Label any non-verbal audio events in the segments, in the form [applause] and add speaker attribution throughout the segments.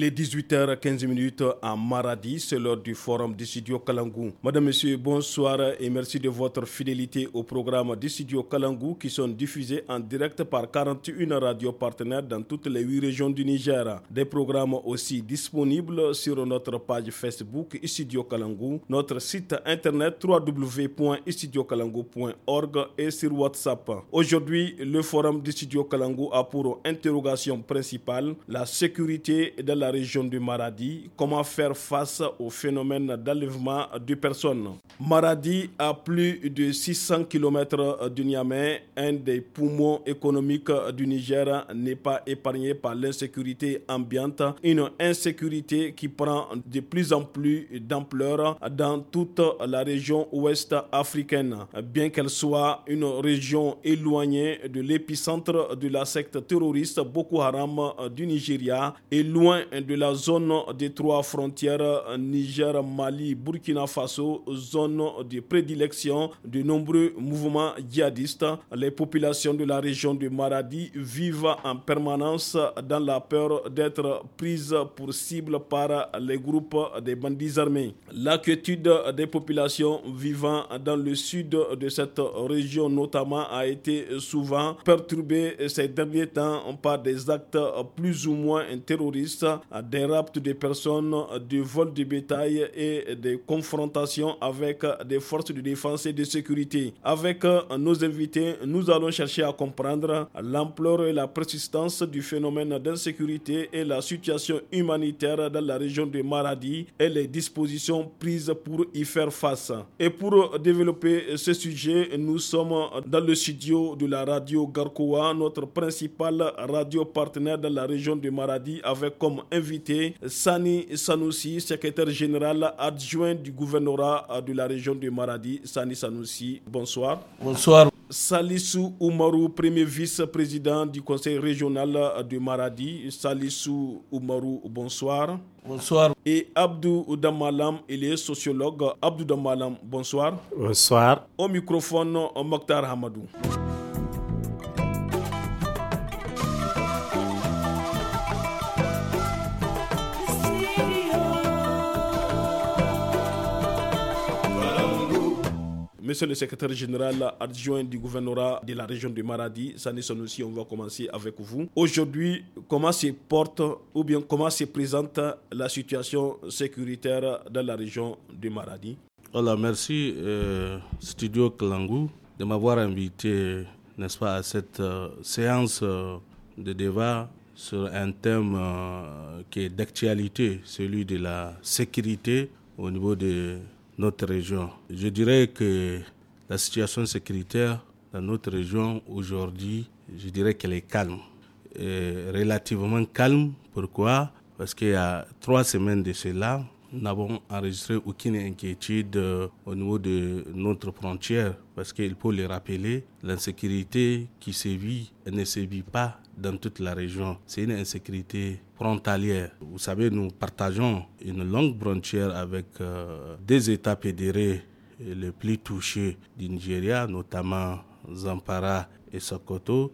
Speaker 1: il 18h15 à Maradi, c'est l'heure du forum du studio Kalangou. Madame, Monsieur, bonsoir et merci de votre fidélité au programme du studio Kalangou qui sont diffusés en direct par 41 radios partenaires dans toutes les 8 régions du Niger. Des programmes aussi disponibles sur notre page Facebook Studio Kalangou, notre site internet www.studiokalangou.org et sur WhatsApp. Aujourd'hui, le forum du Kalangou a pour interrogation principale la sécurité de la région du Maradi, comment faire face au phénomène d'enlèvement de personnes. Maradi, à plus de 600 km du Niamey, un des poumons économiques du Niger, n'est pas épargné par l'insécurité ambiante, une insécurité qui prend de plus en plus d'ampleur dans toute la région ouest africaine. Bien qu'elle soit une région éloignée de l'épicentre de la secte terroriste Boko Haram du Nigeria et loin de la zone des trois frontières Niger, Mali, Burkina Faso, zone de prédilection de nombreux mouvements djihadistes. Les populations de la région de Maradi vivent en permanence dans la peur d'être prises pour cible par les groupes des bandits armés. L'inquiétude des populations vivant dans le sud de cette région notamment a été souvent perturbée ces derniers temps par des actes plus ou moins terroristes euh, des raptes de personnes, euh, du vol de bétail et des confrontations avec euh, des forces de défense et de sécurité. Avec nos invités, nous allons chercher à comprendre l'ampleur et la persistance du phénomène d'insécurité et la situation humanitaire dans la région de Maradi et les dispositions prises pour y faire face. Et pour développer ce sujet, nous sommes dans le studio de la radio Garkoa, notre principal radio partenaire dans la région de Maradi, avec comme invité Sani Sanoussi, secrétaire général adjoint du gouvernorat de la région de Maradi. Sani Sanoussi, bonsoir. Bonsoir. Salissou Oumarou, premier vice-président du conseil régional de Maradi. Salissou Oumarou, bonsoir. Bonsoir. Et Abdou Damalam, il est sociologue. Abdou Damalam, bonsoir.
Speaker 2: Bonsoir.
Speaker 1: Au microphone, Mokhtar Hamadou. Monsieur le secrétaire général adjoint du gouvernorat de la région de Maradi, Sanison aussi. on va commencer avec vous. Aujourd'hui, comment se porte ou bien comment se présente la situation sécuritaire dans la région de Maradi
Speaker 3: Voilà, merci euh, Studio Klangou de m'avoir invité, n'est-ce pas, à cette euh, séance euh, de débat sur un thème qui est d'actualité, celui de la sécurité au niveau de notre région. Je dirais que la situation sécuritaire dans notre région aujourd'hui, je dirais qu'elle est calme. Euh, relativement calme. Pourquoi Parce qu'il y a trois semaines de cela, nous n'avons enregistré aucune inquiétude euh, au niveau de notre frontière parce qu'il faut le rappeler, l'insécurité qui sévit ne sévit pas dans toute la région. C'est une insécurité frontalière. Vous savez, nous partageons une longue frontière avec euh, des États fédérés les plus touchés du Nigeria, notamment Zampara et Sokoto,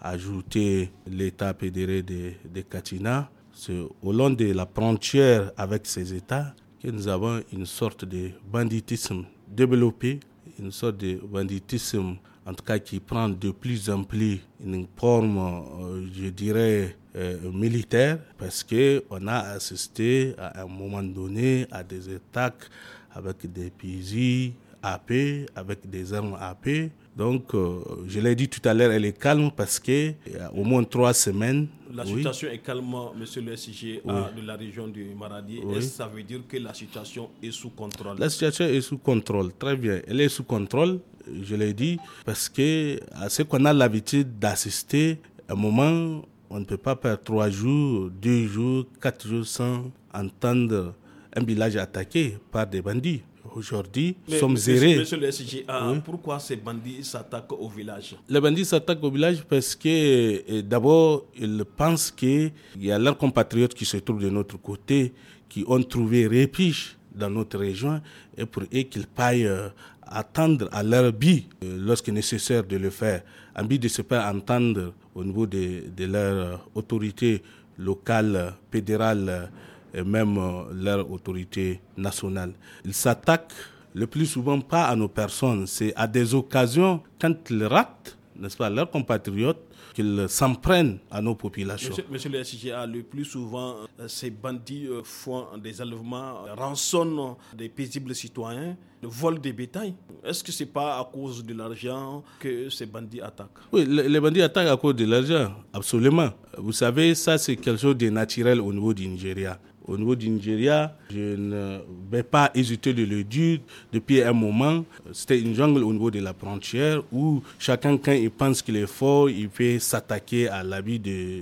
Speaker 3: ajouté l'État fédéré de, de Katina c'est au long de la frontière avec ces États que nous avons une sorte de banditisme développé, une sorte de banditisme en tout cas qui prend de plus en plus une forme, euh, je dirais, euh, militaire, parce qu'on a assisté à un moment donné à des attaques avec des pays AP, avec des armes AP. Donc, euh, je l'ai dit tout à l'heure, elle est calme parce qu'il y a au moins trois semaines. La situation
Speaker 1: est calme, monsieur le SG de la région du Maradi. ça veut dire que la situation est sous contrôle La
Speaker 3: situation est sous contrôle, très bien. Elle est sous contrôle, je l'ai dit, parce que à ce qu'on a l'habitude d'assister, à un moment, on ne peut pas perdre trois jours, deux jours, quatre jours sans entendre un village attaqué par des bandits aujourd'hui sommes zérés. Monsieur le
Speaker 1: SGA, pourquoi ces bandits s'attaquent au village
Speaker 3: Les bandits s'attaquent au village parce que euh, d'abord, ils pensent qu'il y a leurs compatriotes qui se trouvent de notre côté, qui ont trouvé refuge dans notre région et pour eux qu'ils paillent euh, attendre à leur but euh, lorsque nécessaire de le faire, en de se faire entendre au niveau de, de leur autorité locale, fédérale et même euh, leur autorité nationale. Ils s'attaquent le plus souvent pas à nos personnes, c'est à des occasions quand ils ratent, n'est-ce pas, leurs compatriotes qu'ils s'en prennent à nos populations.
Speaker 1: Monsieur, le SGA, le plus souvent, euh, ces bandits euh, font des enlèvements, rançonnent des paisibles citoyens, volent des bétails. Est-ce que ce n'est pas à cause de l'argent que ces bandits attaquent
Speaker 3: Oui, les bandits attaquent à cause de l'argent, absolument. Vous savez, ça c'est quelque chose de naturel au niveau du Nigeria au niveau du Nigeria, je ne vais pas hésiter de le dire. Depuis un moment, c'était une jungle au niveau de la frontière où chacun, quand il pense qu'il est fort, il peut s'attaquer à l'habit de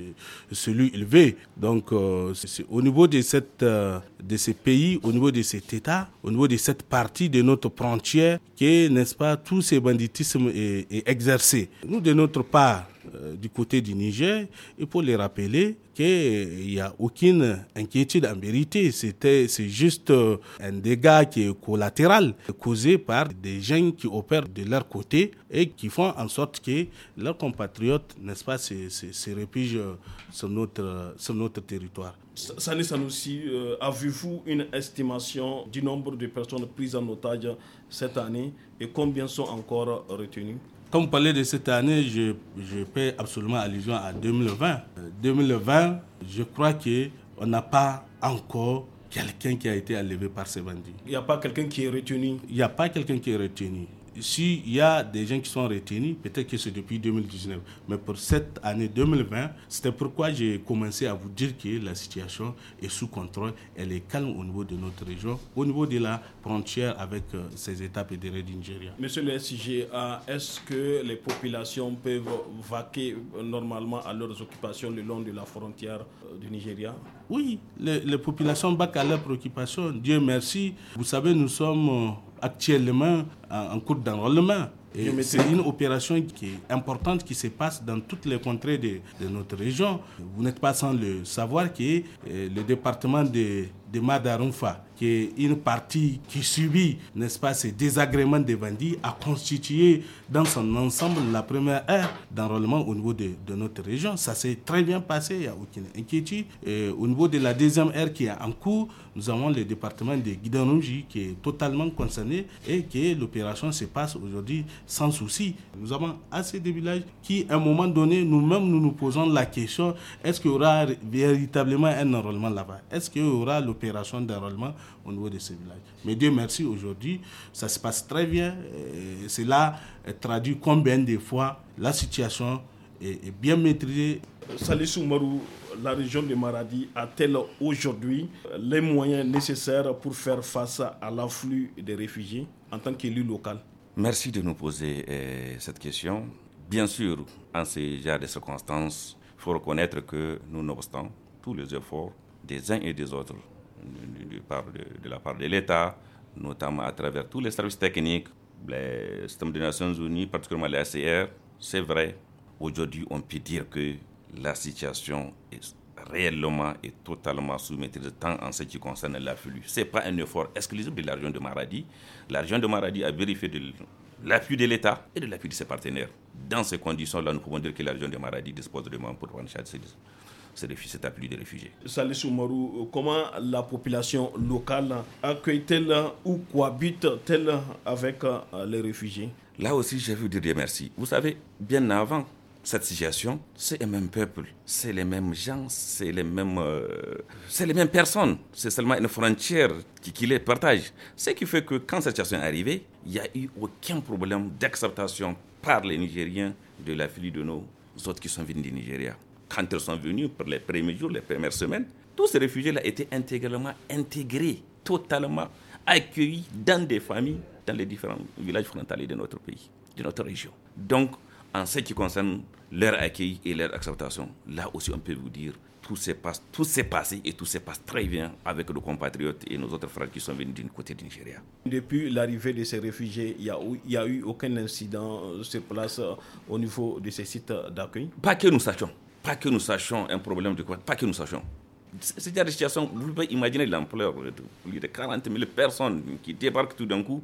Speaker 3: celui qu'il veut. Donc, euh, c'est au niveau de, cette, euh, de ces pays, au niveau de cet État, au niveau de cette partie de notre frontière, que, n'est-ce pas, tout ce banditisme est exercé. Nous, de notre part, euh, du côté du Niger, et pour les rappeler qu'il n'y a aucune inquiétude en vérité. C'était, c'est juste euh, un dégât qui est collatéral, causé par des gens qui opèrent de leur côté et qui font en sorte que leurs compatriotes, n'est-ce pas, se, se, euh, sur notre, sur notre territoire.
Speaker 1: Sané Sanoussi, avez-vous une estimation du nombre de personnes prises en otage cette année et combien sont encore retenues
Speaker 3: quand vous parlez de cette année, je, je fais absolument allusion à 2020. 2020, euh, je crois qu'on n'a pas encore quelqu'un qui a été enlevé par ces bandits. Il n'y a pas quelqu'un qui est retenu. Il n'y a pas quelqu'un qui est retenu s'il y a des gens qui sont retenus, peut-être que c'est depuis 2019. Mais pour cette année 2020, c'était pourquoi j'ai commencé à vous dire que la situation est sous contrôle, elle est calme au niveau de notre région, au niveau de la frontière avec euh, ces états des du Nigeria.
Speaker 1: Monsieur le SIGA, est-ce que les populations peuvent vaquer euh, normalement à leurs occupations le long de la frontière euh, du Nigeria
Speaker 3: Oui, les, populations vaquent à leurs préoccupations. Dieu merci. Vous savez, nous sommes actuellement en, cours d'enrôlement. Et c'est une opération qui est importante, qui se passe dans toutes les contrées de, de notre région. Vous n'êtes pas sans le savoir que euh, le département de de Madarunfa, qui est une partie qui subit, n'est-ce pas, ces désagréments des bandits, a constitué dans son ensemble la première ère d'enrôlement au niveau de, notre région. Ça s'est très bien passé, il n'y a aucune inquiétude. au niveau de la deuxième ère qui est en cours, nous avons le département de Guidanouji qui est totalement concerné et que l'opération se passe aujourd'hui sans souci. Nous avons assez de villages qui, à un moment donné, nous-mêmes, nous nous posons la question est-ce qu'il y aura véritablement un enrôlement là-bas Est-ce qu'il y aura l'opération dérangement d'enrôlement au niveau de ce villages. Mais Dieu merci, aujourd'hui, ça se passe très bien. Et euh, cela traduit combien de fois la situation est, bien maîtrisée. Salut
Speaker 1: Soumarou, la région de Maradi a-t-elle aujourd'hui les moyens nécessaires pour faire face à l'afflux des réfugiés en tant qu'élu local
Speaker 4: Merci de nous poser euh, cette question. Bien sûr, en ces genre de circonstances, il faut reconnaître que nous, n'obstant tous les efforts des uns et des autres, de, la part de l'État, notamment à travers tous les services techniques, les des Nations Unies, particulièrement ACR. C'est vrai, aujourd'hui, on peut dire que la situation est réellement et totalement sous maîtrise tant en ce qui concerne l'afflux. Ce n'est pas un effort exclusif de l'argent de Maradi. L'argent de Maradi a vérifié de l'appui de l'État et de l'appui de ses partenaires. Dans ces conditions-là, nous pouvons dire que l'argent de Maradi dispose de moyens pour prendre charge c'est cet appui des réfugiés.
Speaker 1: Salut euh, comment la population locale accueille-t-elle euh, ou cohabite-t-elle avec euh,
Speaker 4: les réfugiés Là aussi, je vous dire merci. Vous savez, bien avant cette situation, c'est le même peuple, c'est les mêmes gens, c'est les mêmes, c'est les mêmes personnes. C'est seulement une frontière qui, les partage. Ce qui fait que quand cette situation est arrivée, il n'y a eu aucun problème d'acceptation par les Nigériens de la fille de nos autres qui sont venus du Nigeria quand ils sont venus pour les premiers jours, les premières semaines, tous ces réfugiés-là étaient intégralement intégrés, totalement accueillis dans des familles, dans les différents villages frontaliers de notre pays, de notre région. Donc, en ce qui concerne leur accueil et leur acceptation, là aussi, on peut vous dire, tout s'est passé, tout s'est passé et tout se passe très bien avec nos compatriotes et nos autres frères qui sont venus du côté du Nigeria.
Speaker 1: Depuis l'arrivée de ces réfugiés, il n'y a, a, eu aucun incident sur place euh, au niveau
Speaker 4: de ces sites d'accueil Pas que nous sachions pas que nous sachions un problème de quoi, pas que nous sachions. C'est des situations, vous pouvez imaginer l'ampleur. Il y a 40 000 personnes qui débarquent tout d'un coup.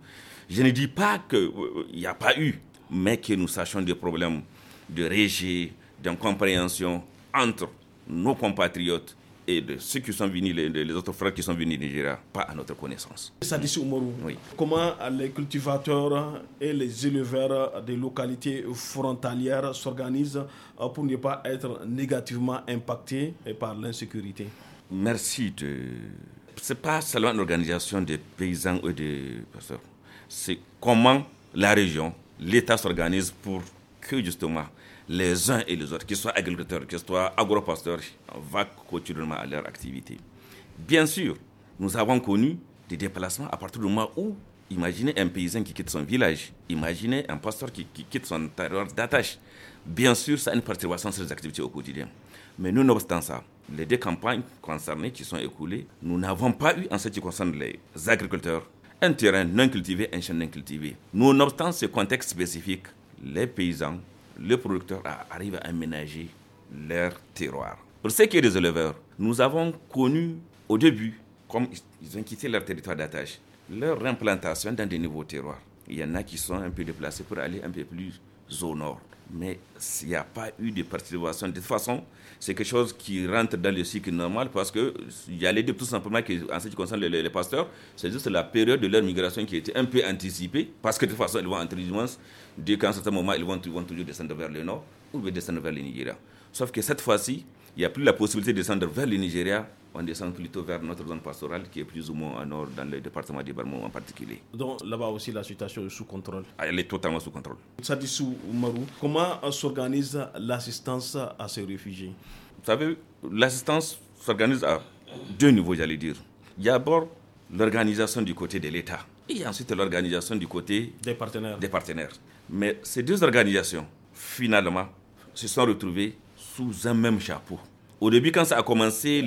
Speaker 4: Je ne dis pas qu'il euh, euh, n'y a pas eu, mais que nous sachions des problèmes de régie, d'incompréhension entre nos compatriotes et de ceux qui sont venus, les, autres frères qui sont venus du Nigeria, pas à notre connaissance.
Speaker 1: Oumarou, comment les cultivateurs et les éleveurs des localités frontalières s'organisent euh, pour ne pas être négativement impactés par l'insécurité
Speaker 4: Merci de... Ce n'est pas seulement l'organisation organisation des paysans ou des pasteurs. C'est comment la région, l'État s'organise pour que justement les uns et les autres, qu'ils soient agriculteurs, qu'ils soient agropasteurs, va continuellement à leur activité. Bien sûr, nous avons connu des déplacements à partir du moment où, imaginez un paysan qui quitte son village, imaginez un pasteur qui, quitte son territoire d'attache. Bien sûr, ça a une perturbation sur les activités au quotidien. Mais nous, nonobstant ça, les deux campagnes concernées qui sont écoulées, nous n'avons pas eu, en ce qui concerne les agriculteurs, un terrain non cultivé, un champ non cultivé. Nonobstant ce contexte spécifique, les paysans les producteur arrive à aménager leur terroir. Pour ce qui est des éleveurs, nous avons connu au début, comme ils ont quitté leur territoire d'attache, leur implantation dans des nouveaux terroirs il y en a qui sont un peu déplacés pour aller un peu plus au nord. Mais il n'y a pas eu de participation. De toute façon, c'est quelque chose qui rentre dans le cycle normal parce qu'il y a les deux tout simplement qui, en ce qui concerne les, pasteurs, c'est juste la période de leur migration qui était un peu anticipée parce que de toute façon, ils vont entre du moins dès qu'à un certain moment, ils vont, ils vont, toujours descendre vers le nord ou descendre vers le Nigeria. Sauf que cette fois-ci, il n'y a plus la possibilité de descendre vers le Nigeria on descend plutôt vers notre zone pastorale qui est plus ou moins au nord dans le département du Barmont en particulier.
Speaker 1: Donc là-bas aussi la situation est sous contrôle
Speaker 4: ah, Elle est totalement sous contrôle.
Speaker 1: Sadissou Marou, comment s'organise l'assistance à ces réfugiés
Speaker 4: Vous savez, l'assistance s'organise à deux niveaux, j'allais dire. Il y a d'abord l'organisation du côté de l'État et ensuite l'organisation du côté des partenaires. des partenaires. Mais ces deux organisations, finalement, se sont retrouvées sous un même chapeau. Au début, quand ça a commencé.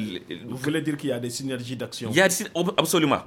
Speaker 4: Vous voulez
Speaker 1: dire qu'il y a des synergies d'action Il y a
Speaker 4: absolument.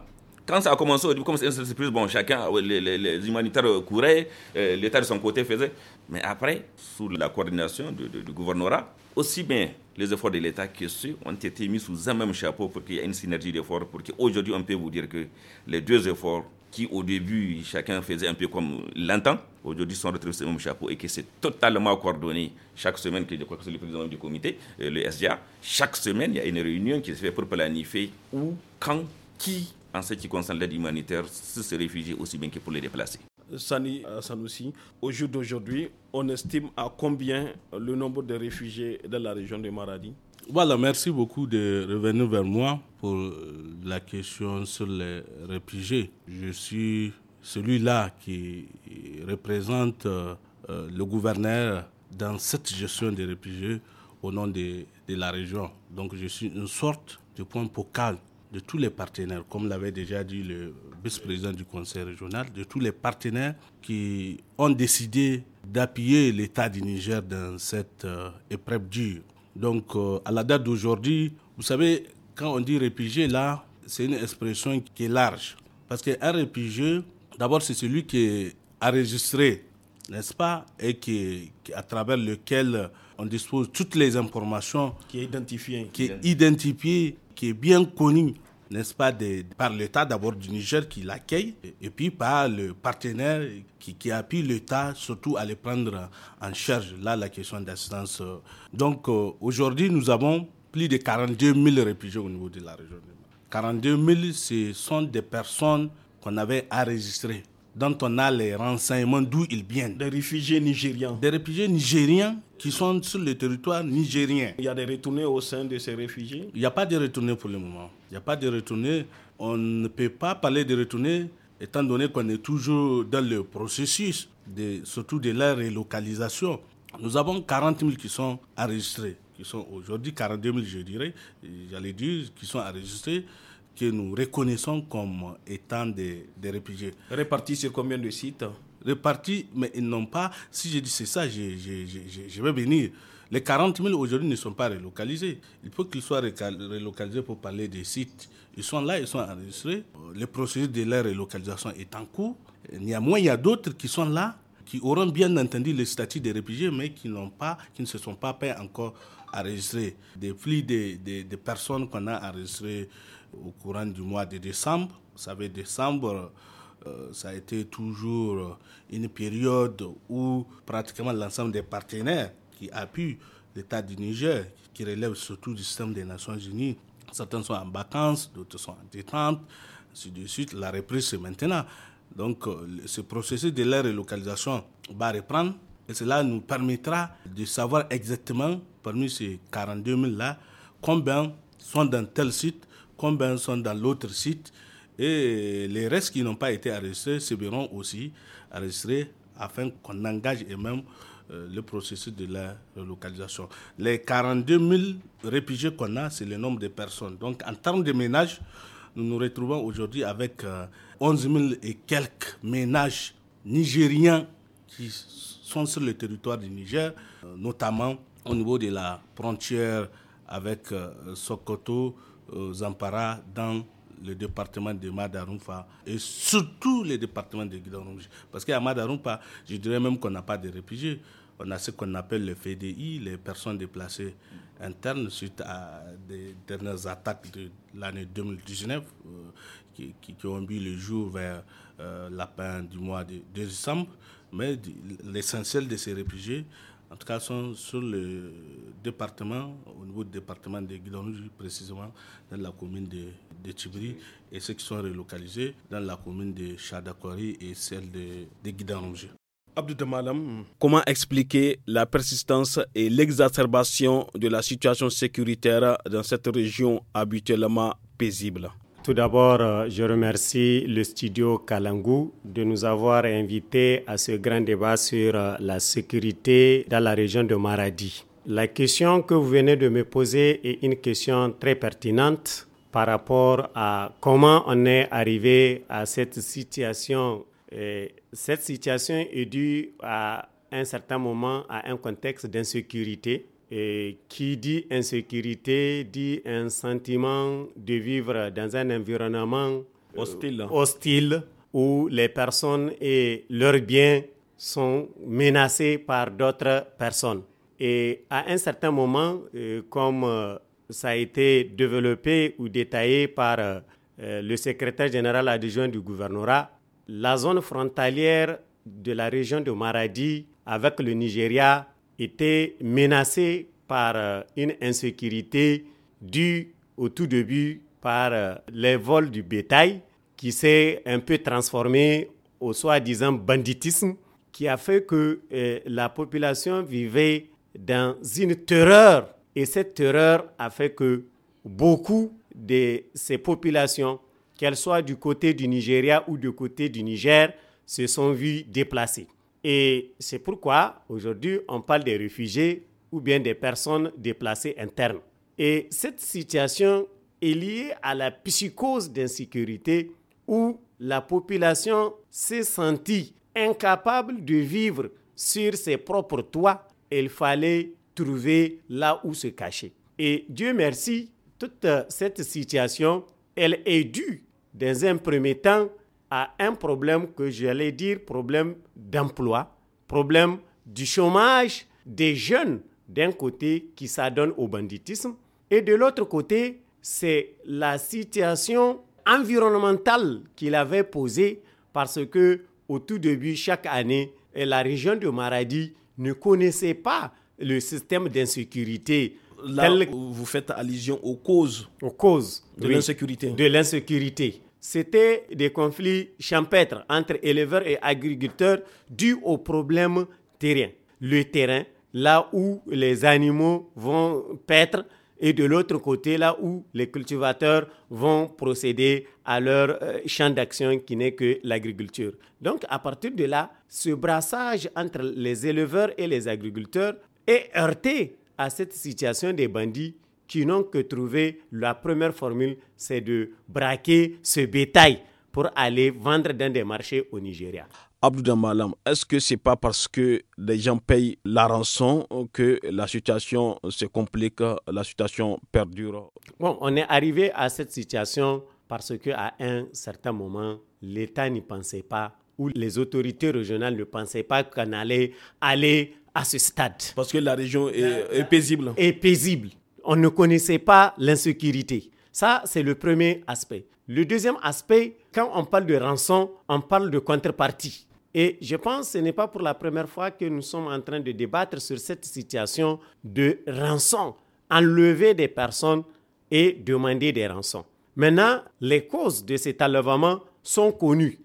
Speaker 4: Quand ça a commencé, au début, comme c'est une surprise, bon, chacun, les, les, les humanitaires couraient, euh, l'État de son côté faisait. Mais après, sous la coordination du, du, gouvernorat, aussi bien les efforts de l'État que ceux ont été mis sous un même chapeau pour qu'il y ait une synergie d'efforts, pour qu'aujourd'hui, on peut vous dire que les deux efforts qui au début, chacun faisait un peu comme l'entend, aujourd'hui sont retrouvés sur le même chapeau et que c'est totalement coordonné. Chaque semaine, que je crois que c'est le président du comité, euh, le SDA, chaque semaine, il y a une réunion qui se fait pour planifier où, quand, qui, en ce qui concerne l'aide humanitaire, se réfugier aussi bien que pour les déplacer.
Speaker 1: Sani euh, Sanoussi, au jour d'aujourd'hui, on estime à combien le nombre de réfugiés dans la région de Maradi
Speaker 4: voilà, merci beaucoup de
Speaker 3: revenir vers moi pour euh, la question sur les réfugiés. Je suis celui-là qui représente euh, euh, le gouverneur dans cette gestion des réfugiés au nom de, de, la région. Donc je suis une sorte de point focal de tous les partenaires, comme l'avait déjà dit le vice-président du conseil régional, de tous les partenaires qui ont décidé d'appuyer l'État du Niger dans cette épreuve dure. Donc, euh, à la date d'aujourd'hui, vous savez, quand on dit répugé là, c'est une expression qui est large. Parce qu'un réfugié, d'abord, c'est celui qui est enregistré, n'est-ce pas, et qui, à travers lequel on dispose toutes les informations. Qui est identifié. Qui est identifié, qui est bien connu n'est-ce pas, par l'État d'abord du Niger qui l'accueille, et puis par le partenaire qui, qui appuie l'État, surtout à les prendre en charge, là, la question d'assistance. Euh. Donc euh, aujourd'hui, nous avons plus de 42 000 réfugiés au niveau de la région. 42 000, ce sont des personnes qu'on avait enregistrées dont on a les renseignements d'où ils viennent. Des réfugiés nigérians. Des réfugiés nigériens qui sont sur le territoire nigérien. Il y a des retournés au sein de ces réfugiés Il n'y a pas de retournés pour le moment. Il n'y a pas de retournés. On ne peut pas parler de retournés étant donné qu'on est toujours dans le processus, de, surtout de la relocalisation. Nous avons 40 000 qui sont enregistrés, qui sont aujourd'hui 42 000, je dirais, j'allais dire, qui sont enregistrés que nous reconnaissons comme étant des, des réfugiés. Répartis sur combien de sites Répartis, mais ils n'ont pas, si je dis c'est ça, je, je, vais venir. Les 40 000 aujourd'hui ne sont pas relocalisés. Il faut qu'ils soient relocalisés pour parler des sites. Ils sont là, ils sont enregistrés. Le processus de leur relocalisation est en cours. moins il y a d'autres qui sont là, qui auront bien entendu le statut des réfugiés, mais qui, pas, qui ne se sont pas encore enregistrés. Des flux de, de, de personnes qu'on a enregistrées au courant du mois de décembre. Vous savez, décembre, euh, ça a été toujours une période où pratiquement l'ensemble des partenaires qui appuient l'État du Niger, qui relève surtout du système des Nations Unies, certains sont en vacances, d'autres sont en détente, ainsi de suite. La reprise, c'est maintenant. Donc, euh, ce processus de la relocalisation va reprendre et cela nous permettra de savoir exactement, parmi ces 42 000-là, combien sont dans tel site, combien sont dans l'autre site. Et les restes qui n'ont pas été arrêtés verront aussi arrêtés afin qu'on engage et même euh, le processus de la relocalisation. Les 42 000 réfugiés qu'on a, c'est le nombre de personnes. Donc en termes de ménages, nous nous retrouvons aujourd'hui avec 11 euh, 000 et quelques ménages nigériens qui sont sur le territoire du Niger, euh, notamment au niveau de la frontière avec Sokoto, Zampara dans le département de Madarumpa et surtout le département de Guidarumpa. Parce qu'à Madarumpa, je dirais même qu'on n'a pas de réfugiés. On a ce qu'on appelle le FDI, les personnes déplacées internes suite à des dernières attaques de l'année 2019 euh, qui, qui, ont mis le jour vers euh, la fin du mois de décembre. Mais l'essentiel de ces réfugiés en tout cas, sont sur le département, au niveau du département de Guidonouji, précisément dans la commune de, Tibri, et ceux qui sont relocalisés dans la commune de Chadakwari et celle de, de
Speaker 1: Comment expliquer la persistance et l'exacerbation de la situation sécuritaire dans cette région habituellement paisible
Speaker 2: tout d'abord, euh, je remercie le studio Kalangu de nous avoir invités à ce grand débat sur euh, la sécurité dans la région de Maradi. La question que vous venez de me poser est une question très pertinente par rapport à comment on est arrivé à cette situation. Et cette situation est due à un certain moment à un contexte d'insécurité qui dit insécurité dit un sentiment de vivre dans un environnement euh, hostile, où les personnes et leurs biens sont menacés par d'autres personnes. Et à un certain moment, euh, comme euh, ça a été développé ou détaillé par le secrétaire général adjoint du gouvernorat, la zone frontalière de la région de Maradi avec le Nigeria était menacé par euh, une insécurité due au tout début par euh, les vols du bétail qui s'est un peu transformé au soi-disant banditisme qui a fait que euh, la population vivait dans une terreur et cette terreur a fait que beaucoup de ces populations, qu'elles soient du côté du Nigeria ou du côté du Niger, se sont vues déplacées. Et c'est pourquoi aujourd'hui on parle des réfugiés ou bien des personnes déplacées internes. Et cette situation est liée à la psychose d'insécurité où la population s'est sentie incapable de vivre sur ses propres toits. Il fallait trouver là où se cacher. Et Dieu merci, toute cette situation, elle est due dans un premier temps à un problème que j'allais dire problème d'emploi, problème du chômage des jeunes d'un côté qui s'adonnent au banditisme et de l'autre côté c'est la situation environnementale qu'il avait posée parce que au tout début chaque année la région de Maradi ne connaissait pas le système d'insécurité. Là, vous faites allusion aux causes. Aux causes de l'insécurité. De l'insécurité c'était des conflits champêtres entre éleveurs et agriculteurs dus aux problèmes terriens. Le terrain, là où les animaux vont paître, et de l'autre côté, là où les cultivateurs vont procéder à leur euh, champ d'action qui n'est que l'agriculture. Donc à partir de là, ce brassage entre les éleveurs et les agriculteurs est heurté à cette situation des bandits qui n'ont que trouvé la première formule, c'est de braquer ce bétail pour aller vendre dans des marchés au Nigeria.
Speaker 1: Abdou Damalam, est-ce que ce n'est pas parce que les gens payent la rançon que la situation se complique, la situation perdure
Speaker 2: Bon, on est arrivé à cette situation parce qu'à un certain moment, l'État n'y pensait pas ou les autorités régionales ne pensaient pas qu'on allait aller à ce stade. Parce que la région paisible. Est paisible on ne connaissait pas l'insécurité. Ça, c'est le premier aspect. Le deuxième aspect, quand on parle de rançon, on parle de contrepartie. Et je pense que ce n'est pas pour la première fois que nous sommes en train de débattre sur cette situation de rançon, enlever des personnes et demander des rançons. Maintenant, les causes de cet enlèvement sont connues.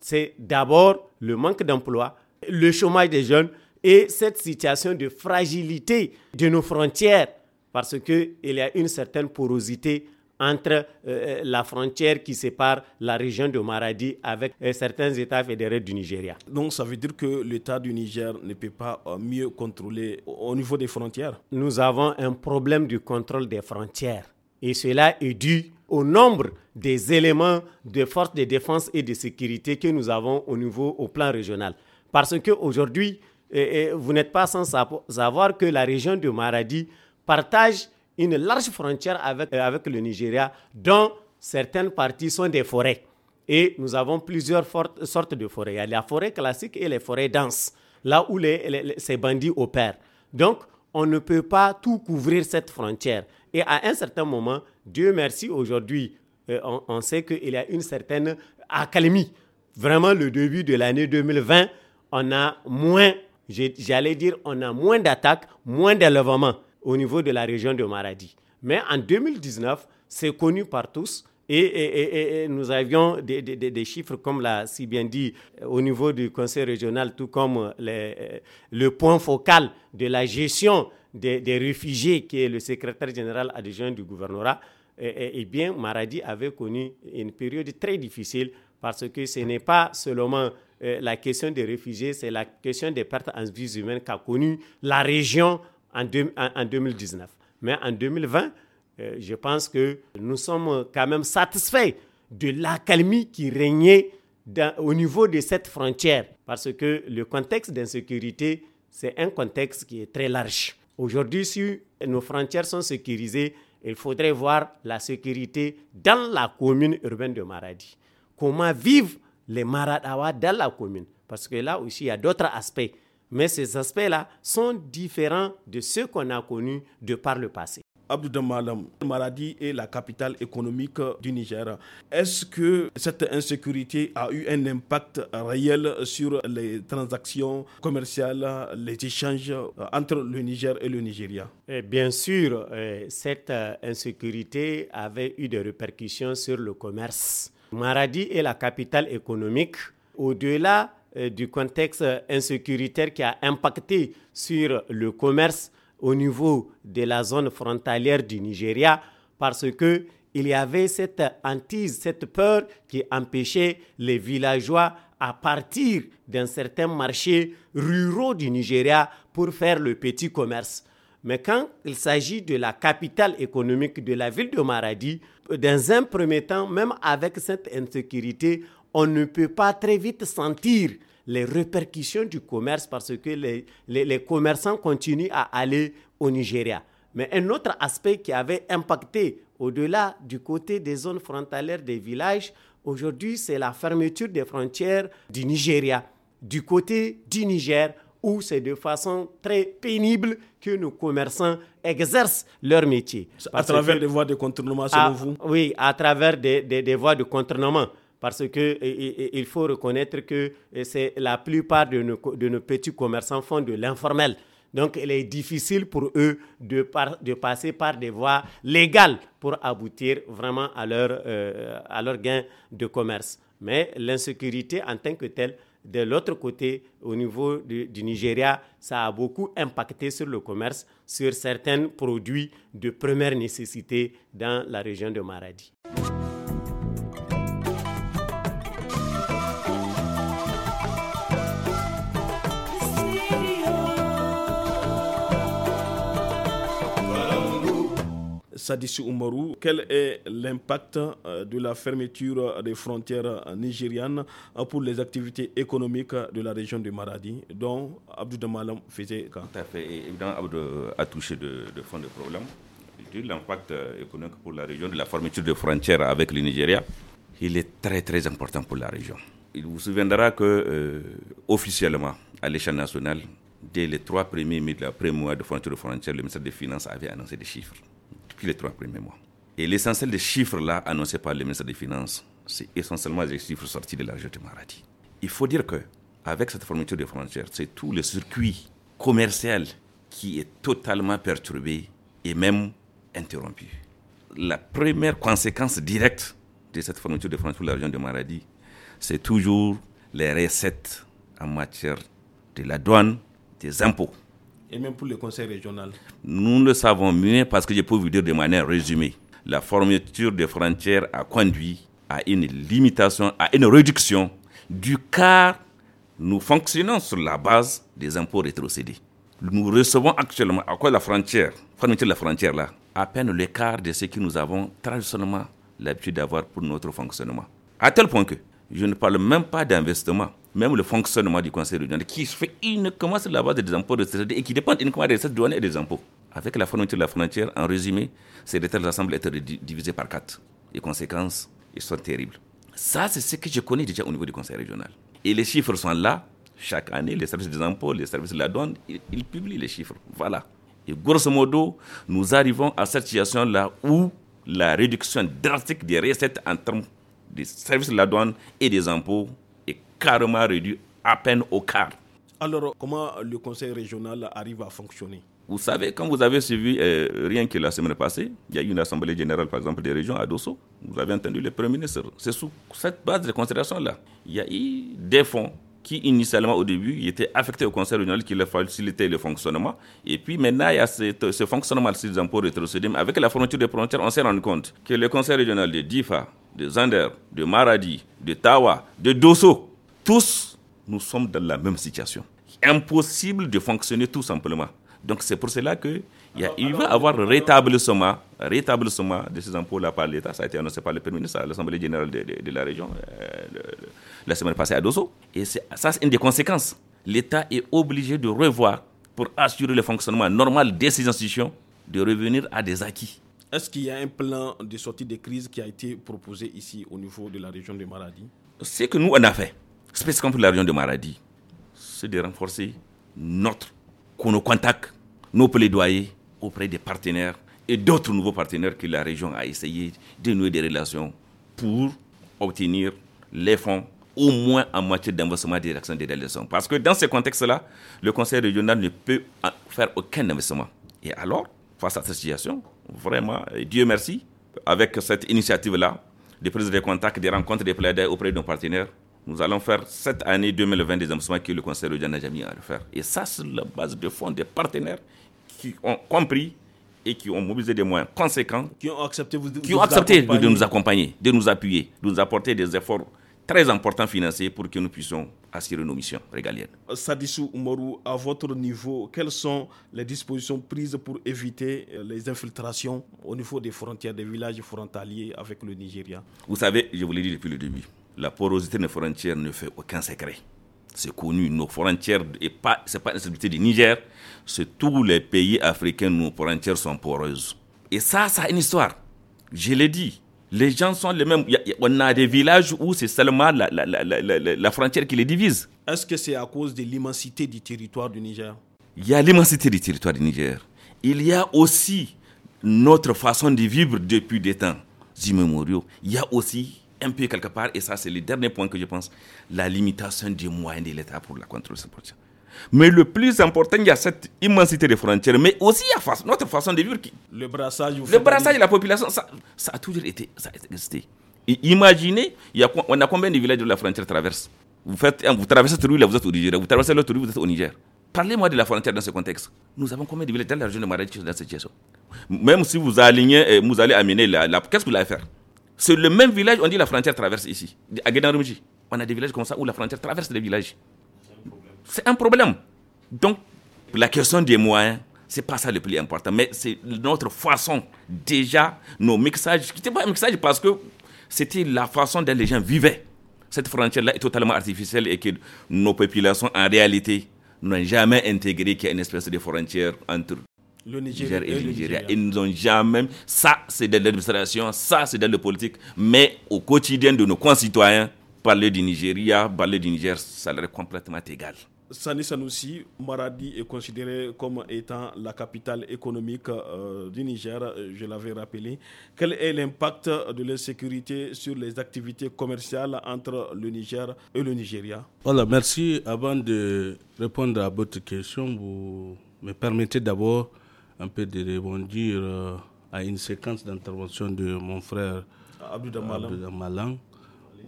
Speaker 2: C'est d'abord le manque d'emploi, le chômage des jeunes et cette situation de fragilité de nos frontières parce qu'il y a une certaine porosité entre euh, euh, la frontière qui sépare la région de Maradi avec euh, certains États fédérés du Nigeria.
Speaker 1: Donc ça veut dire que l'État du Niger ne peut pas mieux contrôler
Speaker 2: au niveau des frontières Nous avons un problème du contrôle des frontières et cela est dû au nombre des éléments de force de défense et de sécurité que nous avons au niveau au plan régional. Parce qu'aujourd'hui, vous n'êtes pas sans savoir que la région de Maradi Partage une large frontière avec, euh, avec le Nigeria, dont certaines parties sont des forêts. Et nous avons plusieurs sortes de forêts. Il y a la forêt classique et les forêts denses, là où les, ces bandits opèrent. Donc, on ne peut pas tout couvrir cette frontière. Et à un certain moment, Dieu merci, aujourd'hui, euh, on, sait qu'il y a une certaine accalmie. Vraiment, le début de l'année 2020, on a moins, j'allais dire, on a moins d'attaques, moins d'élevements au niveau de la région de Maradi. Mais en 2019, c'est connu par tous. Et, nous avions des, chiffres, comme l'a si bien dit, euh, au niveau du conseil régional, tout comme euh, euh, le point focal de la gestion des, réfugiés, qui est le secrétaire général adjoint du gouvernorat. Et bien, Maradi avait connu une période très difficile parce que ce n'est pas seulement la question des réfugiés, c'est la question des pertes en vies humaines qu'a connue la région en, 2019. Mais en 2020, euh, je pense que nous sommes quand même satisfaits de l'accalmie qui régnait au niveau de cette frontière, parce que le contexte d'insécurité, c'est un contexte qui est très large. Aujourd'hui, si nos frontières sont sécurisées, il faudrait voir la sécurité dans la commune urbaine de Maradi. Comment vivent les Maradawa dans la commune Parce que là aussi, il y a d'autres aspects mais ces aspects-là sont différents de ceux qu'on a connus de par le passé. Abdou Damalam, Maradi est la capitale
Speaker 1: économique du Niger. Est-ce que cette insécurité a eu un impact réel sur les transactions commerciales, les échanges entre le
Speaker 2: Niger et le Nigeria eh, Bien sûr, eh, cette euh, insécurité avait eu des répercussions sur le commerce. Maradi est la capitale économique. Au-delà euh, du contexte euh, insécuritaire qui a impacté sur le commerce au niveau de la zone frontalière du Nigeria parce que il y avait cette hantise, cette peur qui empêchait les villageois à partir d'un certain marché ruraux du Nigeria pour faire le petit commerce. Mais quand il s'agit de la capitale économique de la ville de Maradi, dans un premier temps, même avec cette insécurité, on ne peut pas très vite sentir les répercussions du commerce parce que les, les, commerçants continuent à aller au Nigeria. Mais un autre aspect qui avait impacté au-delà du côté des zones frontalières des villages, aujourd'hui, c'est la fermeture des frontières du Nigeria, du côté du Niger, où c'est de façon très pénible que nos commerçants exercent leur métier. à travers des voies de contournement, selon vous Oui, à travers des, des, des voies de contournement parce qu'il faut reconnaître que c'est la plupart de nos, petits commerçants font de l'informel. Donc, il est difficile pour eux de, passer par des voies légales pour aboutir vraiment euh, à leur, gain de commerce. Mais l'insécurité en tant que telle, de l'autre côté, au niveau du, Nigeria, ça a beaucoup impacté sur le commerce, sur certains produits de première nécessité dans la région de Maradi.
Speaker 1: Sadissi Oumarou, quel est l'impact euh, de la fermeture des frontières nigérianes euh, pour les activités économiques de la région de Maradi, dont Abdou Damalam faisait quand
Speaker 4: Tout à fait. Évidemment, Abdou a touché de, de de problème. L'impact euh, économique pour la région de la fermeture des frontières avec le Nigeria, il est très très important pour la région. Il vous souviendra que officiellement, à l'échelle nationale, dès les trois premiers mois de la première de frontières, le ministère des Finances avait annoncé des chiffres depuis les trois premiers mois. Et l'essentiel des chiffres là annoncés par le ministre des Finances, c'est essentiellement des chiffres sortis de l'argent de Maradi. Il faut dire que avec cette fourniture des frontières, c'est tout le circuit commercial qui est totalement perturbé et même interrompu. La première conséquence directe de cette fourniture des frontières pour l'argent de Maradi, c'est toujours les recettes en matière de la douane, des impôts
Speaker 1: et même pour le conseil régional
Speaker 4: Nous le savons mieux parce que je peux vous dire de manière résumée. La fermeture des frontières a conduit à une limitation, à une réduction du quart. Nous fonctionnons sur la base des impôts rétrocédés. Nous recevons actuellement, à quoi la frontière, fermeture de la frontière là, à peine le quart de ce que nous avons traditionnellement l'habitude d'avoir pour notre fonctionnement. À tel point que je ne parle même pas d'investissement même le fonctionnement du conseil régional, qui fait uniquement sur la base des impôts de et qui dépend uniquement des recettes douanières et des impôts. Avec la frontière de la frontière, en résumé, ces détails ensemble être divisés par quatre. Les conséquences, sont terribles. Ça, c'est ce que je connais déjà au niveau du conseil régional. Et les chiffres sont là. Chaque année, les services des impôts, les services de la douane, ils, ils publient les chiffres. Voilà. Et grosso modo, nous arrivons à cette situation-là où la réduction drastique des recettes en termes des services de la douane et des impôts carrément réduit à peine au quart.
Speaker 1: Alors, comment le conseil régional arrive à fonctionner
Speaker 4: Vous savez, quand vous avez suivi euh, rien que la semaine passée, il y a eu une assemblée générale, par exemple, des régions à Dosso. Vous avez entendu le Premier ministre. C'est sous cette base de considération-là. Il y a eu des fonds qui, initialement, au début, étaient affectés au conseil régional qui leur facilitait le fonctionnement. Et puis, maintenant, il y a cette, ce fonctionnement de impôts rétrocédés. Avec la fourniture des frontières, on s'est rendu compte que le conseil régional de Difa, de Zander, de Maradi, de Tawa, de Dosso, tous, nous sommes dans la même situation. Impossible de fonctionner tout simplement. Donc c'est pour cela que il, va y avoir rétablissement, rétablissement de ces impôts-là par l'État. Ça a été annoncé par le Premier ministre à l'Assemblée générale de, la région euh, la semaine passée à Dosso. Et ça, c'est une des conséquences. L'État est obligé de revoir, pour assurer le fonctionnement normal de ces institutions, de revenir à des acquis.
Speaker 1: Est-ce qu'il y a un plan de sortie de crise qui a été proposé ici au niveau de la région de Maradi
Speaker 4: C'est que nous, on a fait spécifiquement pour la région de Maradi, c'est de renforcer notre, nos contacts, nos plaidoyers auprès des partenaires et d'autres nouveaux partenaires que la région a essayé de nouer des relations pour obtenir les fonds, au moins en matière d'investissement des actions des son. Parce que dans ce contexte-là, le conseil régional ne peut faire aucun investissement. Et alors, face à cette situation, vraiment, Dieu merci, avec cette initiative-là, de prise de contact, des rencontres, des plaidoyers auprès de nos partenaires, nous allons faire cette année 2020 des investissements que le Conseil de n'a a à refaire. Et ça, c'est la base de fonds des partenaires qui ont compris et qui ont mobilisé des moyens conséquents. Qui ont accepté, de, nous accompagner, de nous appuyer, de nous apporter des efforts très importants financiers pour que nous puissions assurer nos missions régaliennes.
Speaker 1: Sadissou Umaru, à votre niveau, quelles sont les dispositions prises pour éviter euh, les infiltrations au niveau des frontières des villages frontaliers avec le Nigeria
Speaker 4: Vous savez, je vous l'ai dit depuis le début, la porosité des frontières ne fait aucun secret. C'est connu, nos frontières, et n'est pas une stabilité du Niger, c'est tous les pays africains, nos frontières sont poreuses. Et ça, ça a une histoire. Je l'ai dit. Les gens sont les mêmes. on a des villages où c'est seulement la, la, la, la, frontière qui les divise.
Speaker 1: Est-ce que c'est à cause de l'immensité du territoire du Niger
Speaker 4: Il y a l'immensité du territoire du Niger. Il y a aussi notre façon de vivre depuis des temps immémoriaux. Il y a aussi peu quelque part, et ça c'est le dernier point que je pense, la limitation des moyens de l'État pour la contrôle ce Mais le plus important, il y a cette immensité des frontières, mais aussi il y notre façon de vivre. Le brassage, le brassage de la population, ça, a toujours été, ça a existé. imaginez, il y a, on a combien de villages de la frontière traverse vous, faites, hein, vous traversez cette rue, là, vous êtes au Niger. Vous traversez l'autre rue, vous êtes au Niger. Parlez-moi de la frontière dans ce contexte. Nous avons combien de villages dans la région de Marrakech dans cette situation Même si vous, alignez, euh, vous allez amener la qu'est-ce que vous allez faire c'est le même village, on dit la frontière traverse ici, à Guédanrumji. On a des villages comme ça où la frontière traverse les villages. C'est un, problème. Donc, la question des moyens, c'est pas ça le plus important, mais c'est notre façon, déjà, nos mixages, qui n'était pas un mixage parce que c'était la façon dont les gens vivaient. Cette frontière-là est totalement artificielle et que nos populations, en réalité, n'ont jamais intégré qu'il y a une espèce de frontière entre le Niger, et, le Nigeria. Ils n'ont jamais. Ça, c'est de l'administration, ça, c'est de la politique. Mais au quotidien de nos concitoyens, parler du Nigeria, parler du Niger, ça leur est complètement égal.
Speaker 1: Sani Sanoussi, Maradi est considéré comme étant la capitale économique euh, du Niger, euh, je l'avais rappelé. Quel est l'impact de l'insécurité sur les activités commerciales entre le Niger et le Nigeria
Speaker 3: Voilà, merci. Avant de répondre à votre question, vous me permettez d'abord un peu de rebondir euh, à une séquence d'intervention de mon frère ah, Abdou Malan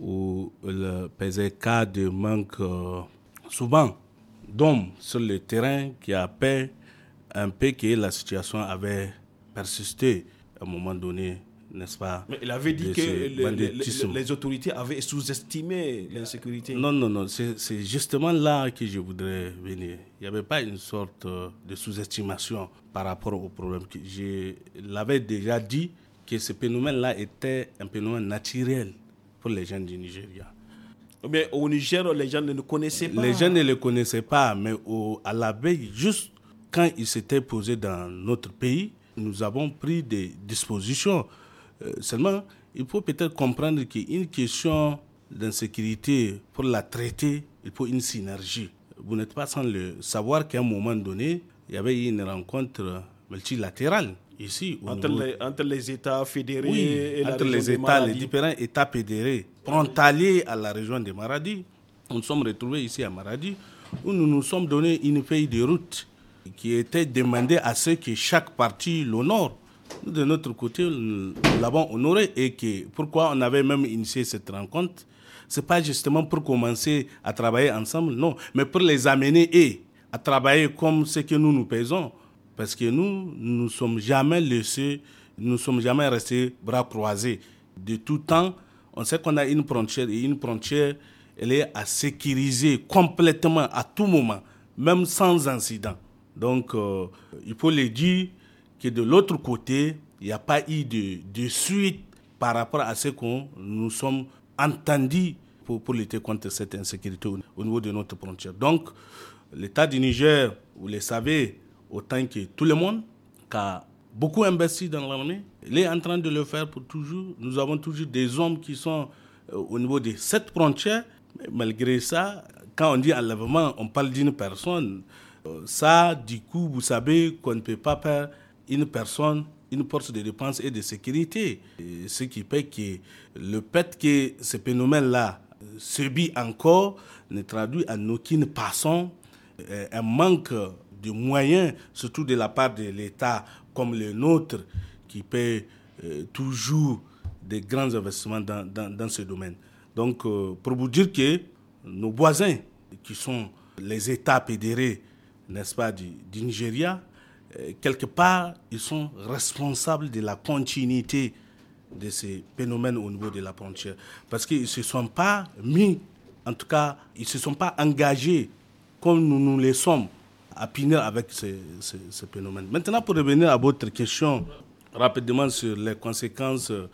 Speaker 3: où il pesait cas de manque euh, souvent d'hommes sur le terrain qui a un peu que la situation avait persisté à un moment donné n'est-ce pas Mais il avait dit que les
Speaker 1: autorités avaient
Speaker 3: sous-estimé l'insécurité. Non, non, non, c'est justement là que je voudrais venir. Il n'y avait pas une sorte euh, de sous-estimation par rapport au problème. Je l'avais déjà dit que ce phénomène-là était un phénomène naturel pour les gens du Nigeria. Mais au Niger, les gens ne le
Speaker 1: connaissaient pas. Les gens
Speaker 3: ne le connaissaient pas, mais au, à la veille, juste quand il s'était posé dans notre pays, nous avons pris des dispositions euh, seulement, il faut peut-être comprendre qu'une question d'insécurité, pour la traiter, il faut une synergie. Vous n'êtes pas sans le savoir qu'à un moment donné, il y avait une rencontre multilatérale ici. Entre, les,
Speaker 1: entre, les, États fédérés et entre les États, les
Speaker 3: différents États fédérés, frontaliers à la région de Maradi. Nous nous sommes retrouvés ici à Maradi où nous nous sommes donné une feuille de route qui était demandée à ce que chaque parti l'honore de notre côté, nous l'avons honoré et que pourquoi on avait même initié cette rencontre, c'est pas justement pour commencer à travailler ensemble, non, mais pour les amener et à travailler comme ce que nous nous pesons. Parce que nous, nous ne sommes jamais laissés, nous ne sommes jamais restés bras croisés. De tout temps, on sait qu'on a une frontière et une frontière, elle est à sécuriser complètement à tout moment, même sans incident. Donc, euh, il faut le dire, que de l'autre côté, il n'y a pas eu de, suite par rapport à ce qu'on nous sommes entendus pour, lutter contre cette insécurité au, niveau de notre frontière. Donc, l'État du Niger, vous le savez, autant que tout le monde, car a beaucoup investi dans l'armée, il est en train de le faire pour toujours. Nous avons toujours des hommes qui sont euh, au niveau de cette frontière. malgré ça, quand on dit enlèvement, on parle d'une personne. Euh, ça, du coup, vous savez qu'on ne peut pas faire une personne une porte de dépense et de sécurité. Et ce qui fait que le fait que ce phénomène-là euh, subit encore ne traduit en aucune façon euh, un manque de moyens, surtout de la part de l'État comme le nôtre, qui paie euh, toujours des grands investissements dans, dans, ce domaine. Donc, pour vous dire que nos voisins, qui sont les États pédérés, n'est-ce pas, du, du Nigeria, euh, quelque part, ils sont responsables de la continuité de ces phénomènes au niveau de la frontière. Parce qu'ils ne se sont pas mis, en tout cas, ils ne se sont pas engagés comme nous nous le sommes à piner avec ces phénomènes. Maintenant, pour revenir à votre question, rapidement sur les conséquences, euh,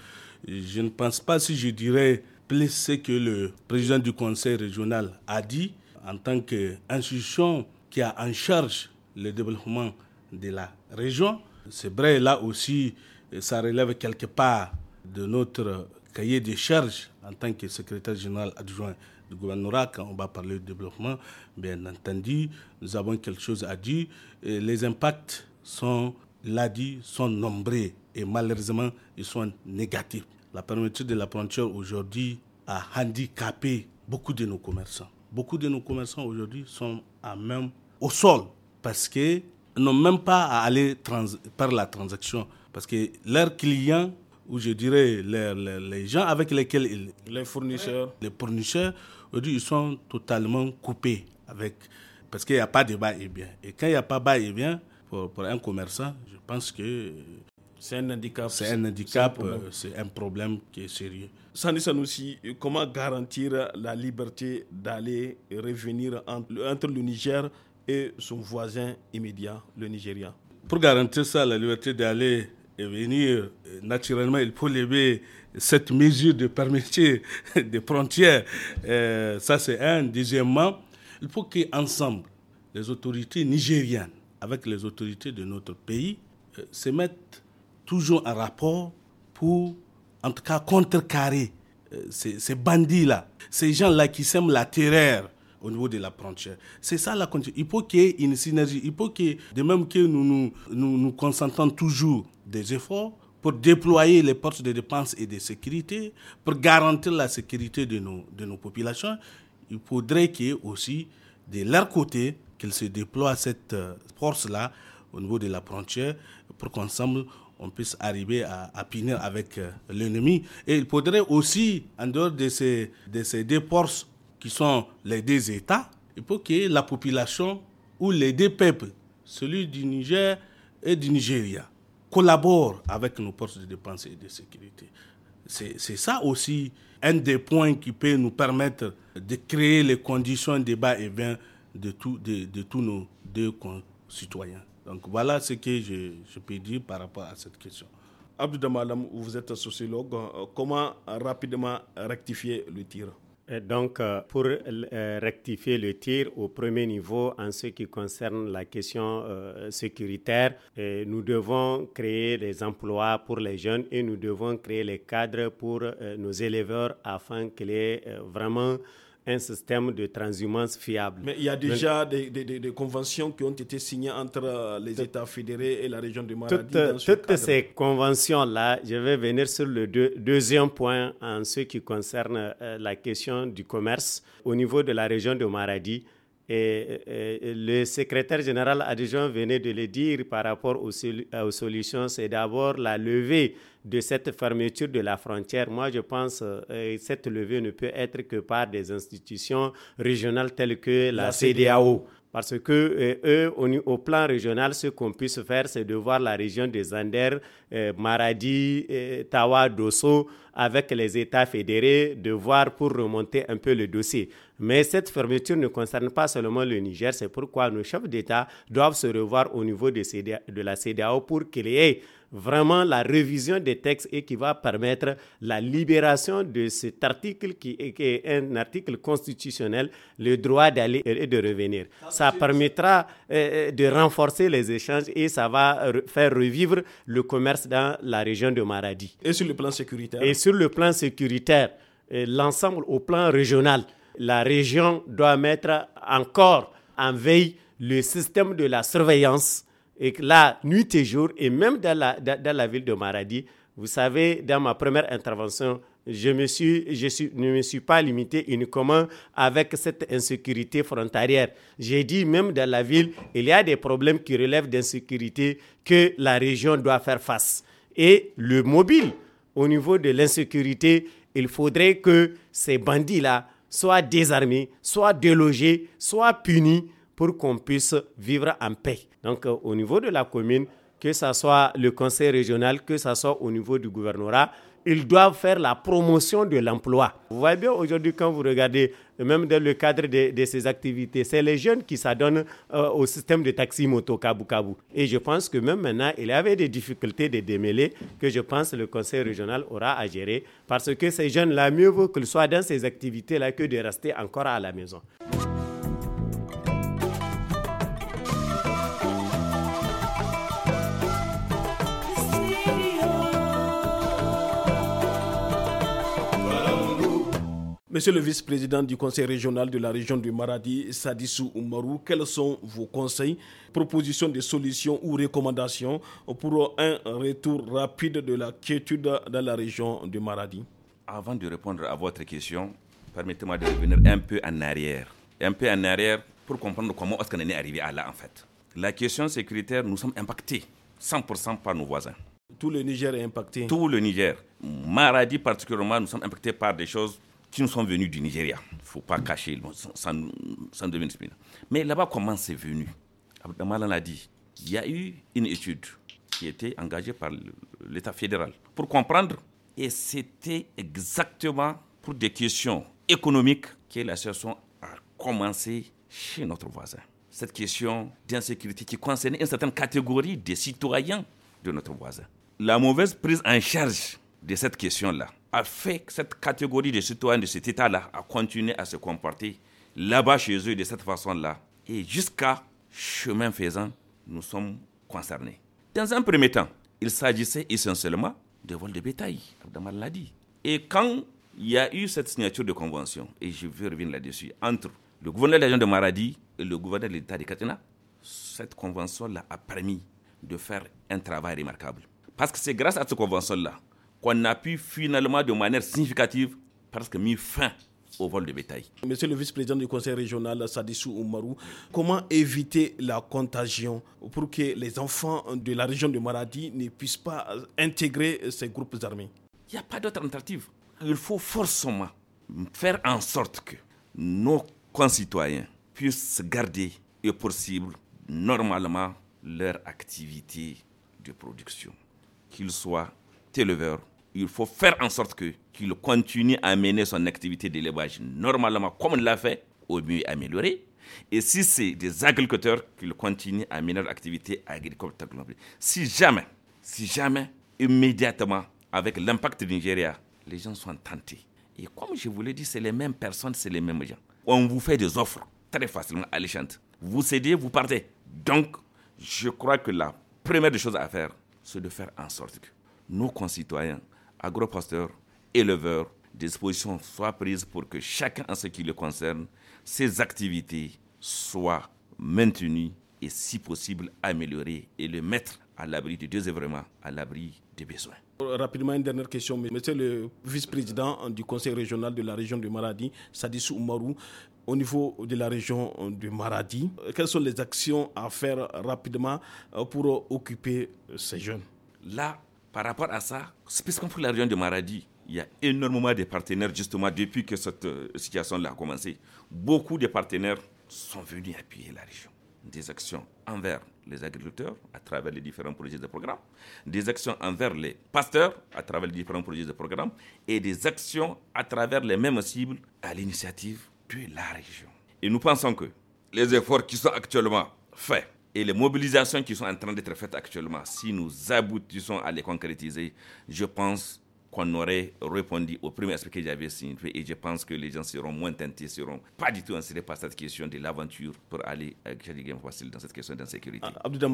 Speaker 3: je ne pense pas si je dirais plus ce que le président du conseil régional a dit en tant qu'institution qui a en charge le développement de la région. C'est vrai, là aussi, euh, ça relève quelque part de notre cahier de charges en tant que secrétaire général adjoint du gouvernorat, quand on va parler de développement, bien entendu, nous avons quelque chose à dire. les impacts sont, l'a dit, sont nombreux et malheureusement, ils sont négatifs. La fermeture de la peinture aujourd'hui a handicapé beaucoup de nos commerçants. Beaucoup de nos commerçants aujourd'hui sont à même au sol parce que n'ont même pas à aller par la transaction. Parce que leurs clients, ou je dirais les, gens avec lesquels ils... Les fournisseurs. Les fournisseurs, ils sont totalement coupés avec... Parce qu'il n'y a pas de bail et bien. Et quand il n'y a pas bas et bien, pour, un commerçant, je pense que... C'est un handicap. C'est un handicap, euh, c'est un, problème qui est sérieux. Sandi
Speaker 1: aussi comment garantir
Speaker 3: la liberté d'aller et
Speaker 1: revenir entre le Niger et son voisin immédiat, le Nigeria.
Speaker 3: Pour garantir ça, la liberté d'aller et venir, euh, naturellement, il faut lever cette mesure de permis [laughs] des frontières. Euh, ça, c'est un. Deuxièmement, il faut qu'ensemble, les autorités nigériennes, avec les autorités de notre pays, euh, se mettent toujours en rapport pour, en tout cas, contrecarrer ces, bandits-là, ces gens-là qui sèment la terreur, au niveau de la frontière. C'est ça la condition. Il faut qu'il y ait une synergie. Il faut que, de même que nous nous, nous, concentrons toujours des efforts pour déployer les portes de dépenses et de sécurité, pour garantir la sécurité de nos, de nos populations, il faudrait qu'il y aussi, de leur côté, qu'ils se déploient cette euh, force-là au niveau de la frontière pour qu'ensemble, on puisse arriver à, à punir avec euh, l'ennemi. Et il faudrait aussi, en dehors de ces, de ces deux forces qui sont les deux États, et pour que la population ou les deux peuples, celui du Niger et du Nigeria, collaborent avec nos forces de défense et de sécurité. C'est ça aussi un des points qui peut nous permettre de créer les conditions de bas et bien de, de, tous nos deux concitoyens. Donc voilà ce que je, peux dire par rapport à cette question. Abdou Damalam, vous êtes sociologue.
Speaker 1: Comment
Speaker 2: rapidement rectifier le tir euh, donc, euh, pour euh, rectifier le tir au premier niveau en ce qui concerne la question sécuritaire, nous devons créer des emplois pour les jeunes et nous devons créer les cadres pour nos éleveurs afin qu'il y vraiment un système de transhumance fiable. Mais il y a déjà
Speaker 1: des, conventions qui ont été signées entre les États fédérés et la région de Maradi. Toutes, toutes ces
Speaker 2: conventions-là, je vais venir sur le deuxième point en ce qui concerne euh, la question du commerce. Au niveau de la région de Maradi, et, le secrétaire général adjoint venait de le dire par rapport aux, solutions, c'est d'abord la levée de cette fermeture de la frontière. Moi, je pense que euh, cette levée ne peut être que par des institutions régionales telles que la CDAO. Parce que euh, eux, au, plan régional, ce qu'on puisse faire, c'est de voir la région des Anders, euh, Maradi, euh, Tawa, Dosso, avec les États fédérés, de voir pour remonter un peu le dossier. Mais cette fermeture ne concerne pas seulement le Niger, c'est pourquoi nos chefs d'État doivent se revoir au niveau de, de la CDAO pour créer vraiment la révision des textes et qui va permettre la libération de cet article qui est, un article constitutionnel, le droit d'aller et de revenir. Ça permettra euh, euh, de renforcer les échanges et ça va faire revivre le commerce dans la région de Maradi. Et sur le plan sécuritaire Et sur le plan sécuritaire, euh, l'ensemble au plan régional, la région doit mettre encore en veille le système de la surveillance et là, nuit et jour, et même dans la, dans, la ville de Maradi, vous savez, dans ma première intervention, je, me suis, je ne me suis pas limité uniquement avec cette insécurité frontalière. J'ai dit même dans la ville, il y a des problèmes qui relèvent d'insécurité que la région doit faire face. Et le mobile, au niveau de l'insécurité, il faudrait que ces bandits-là soient désarmés, soient délogés, soient punis pour qu'on puisse vivre en paix. Donc euh, au niveau de la commune, que ce soit le conseil régional, que ce soit au niveau du gouvernorat, ils doivent faire la promotion de l'emploi. Vous voyez bien aujourd'hui quand vous regardez, même dans le cadre de, ces activités, c'est les jeunes qui s'adonnent euh, au système de taxi moto Kabu Et je pense que même maintenant, il y avait des difficultés de démêler que je pense le conseil régional aura à gérer parce que ces jeunes-là, mieux vaut qu'ils soient dans ces activités-là que de rester encore à la maison.
Speaker 1: Monsieur le vice-président du conseil régional de la région du Maradi, Sadissou Oumarou, quels sont vos conseils, propositions de solutions ou recommandations
Speaker 4: pour un retour rapide de la quiétude dans la région du Maradi Avant de répondre à votre question, permettez-moi de revenir un peu en arrière. Un peu en arrière pour comprendre comment est-ce qu'on est arrivé à là en fait. La question sécuritaire, nous sommes impactés 100% par nos voisins.
Speaker 1: Tout le Niger est impacté. Tout
Speaker 4: le Niger. Maradi particulièrement, nous sommes impactés par des choses qui nous sont venus du Nigeria. Il ne faut pas cacher, bon, sans, sans, Mais là-bas, comment c'est venu Abdelmalan a dit il y a eu une étude qui était engagée par l'État fédéral pour comprendre. Et c'était exactement pour des questions économiques que la situation a commencé chez notre voisin. Cette question d'insécurité qui concernait une certaine catégorie des citoyens de notre voisin. La mauvaise prise en charge de cette question-là a fait que cette catégorie de citoyens de cet État-là a continué à se comporter là-bas chez eux de cette façon-là. Et jusqu'à chemin faisant, nous sommes concernés. Dans un premier temps, il s'agissait essentiellement de vol de bétail, Abdamal l'a dit. Et quand il y a eu cette signature de convention, et je veux revenir là-dessus, entre le gouverneur de la de Maradi et le gouverneur de l'État de Katina, cette convention-là a permis de faire un travail remarquable. Parce que c'est grâce à cette convention-là qu'on appuie finalement de manière significative parce que mis fin au vol de bétail.
Speaker 1: Monsieur le vice-président du conseil régional Sadissou Oumarou, comment éviter la contagion pour que les enfants de la région de Maradi ne puissent pas intégrer ces groupes armés Il n'y a pas d'autre alternative.
Speaker 4: Il faut forcément faire en sorte que nos concitoyens puissent garder et possible normalement leur activité de production, qu'ils soient éleveurs il faut faire en sorte que qu'il continue à mener son activité d'élevage normalement comme on l'a fait, au mieux amélioré. Et si c'est des agriculteurs qu'il continuent à mener leur activité agricole, si jamais, si jamais, immédiatement, avec l'impact du Nigeria, les gens sont tentés. Et comme je vous l'ai dit, c'est les mêmes personnes, c'est les mêmes gens. On vous fait des offres très facilement alléchantes. Vous cédez, vous partez. Donc, je crois que la première des choses à faire, c'est de faire en sorte que nos concitoyens agropasteurs, éleveurs, dispositions soient prises pour que chacun en ce qui le concerne, ses activités soient maintenues et si possible améliorées et le mettre à l'abri du désœuvrement, à l'abri des besoins.
Speaker 1: Rapidement, une dernière question. Monsieur le vice-président du conseil régional de la région de Maradi, Sadis Oumarou, au niveau de la région de Maradi, quelles sont les actions à faire rapidement euh, pour occuper
Speaker 4: ces jeunes Là, par rapport à ça, puisqu'on fait la région de Maradi, il y a énormément de partenaires justement depuis que cette euh, situation-là a commencé. Beaucoup de partenaires sont venus appuyer la région. Des actions envers les agriculteurs à travers les différents projets de programme, des actions envers les pasteurs à travers les différents projets de programme et des actions à travers les mêmes cibles à l'initiative de la région. Et nous pensons que les efforts qui sont actuellement faits et les mobilisations qui sont en train d'être faites actuellement, si nous aboutissons à les concrétiser, je pense qu'on aurait répondu au premier aspect que j'avais signé. et je pense que les gens seront moins tentés, seront pas du tout insérés par cette question de l'aventure pour aller à euh, gain facile dans cette question d'insécurité. Ah,
Speaker 1: Abdou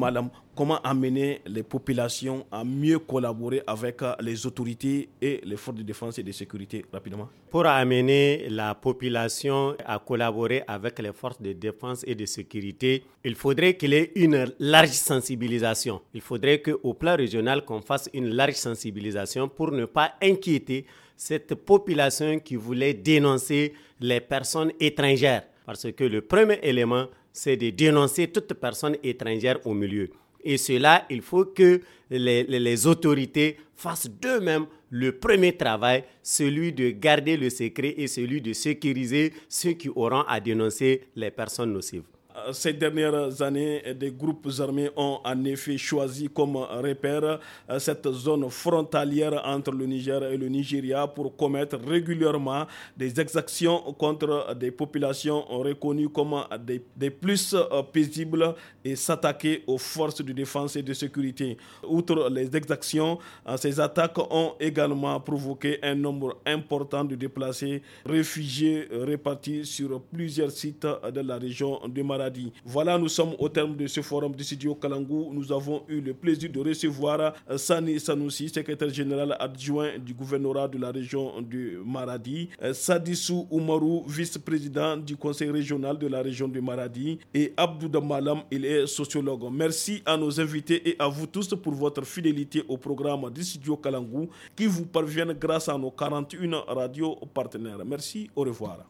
Speaker 1: comment amener les populations à mieux collaborer avec euh, les autorités et les forces de défense et de sécurité rapidement
Speaker 2: Pour amener la population à collaborer avec les forces de défense et de sécurité, il faudrait qu'il y ait une large sensibilisation. Il faudrait qu'au plan régional, qu'on fasse une large sensibilisation pour ne pas inquiéter cette population qui voulait dénoncer les personnes étrangères. Parce que le premier élément, c'est de dénoncer toute personne étrangère au milieu. Et cela, il faut que les, les autorités fassent d'eux-mêmes le premier travail, celui de garder le secret et celui de sécuriser ceux qui auront à dénoncer les personnes nocives.
Speaker 1: Euh, ces dernières années, des groupes armés ont en effet choisi comme repère euh, cette zone frontalière entre le Niger et le Nigeria pour commettre régulièrement des exactions contre des populations reconnues comme des, plus euh, paisibles et s'attaquer aux forces de défense et de sécurité. Outre les exactions, ces attaques ont également provoqué un nombre important de déplacés, réfugiés répartis sur plusieurs sites de la région du Maroc. Voilà, nous sommes au terme de ce forum du Studio Kalangou. Nous avons eu le plaisir de recevoir euh, Sani Sanoussi, secrétaire général adjoint du gouvernorat de la région du Maradi, euh, Sadissou Oumarou, vice-président du conseil régional de la région du Maradi, et Abdou Damalam, il est sociologue. Merci à nos invités et à vous tous pour votre fidélité au programme du Studio Kalangou qui vous parvient grâce à nos 41 radios partenaires. Merci, au revoir.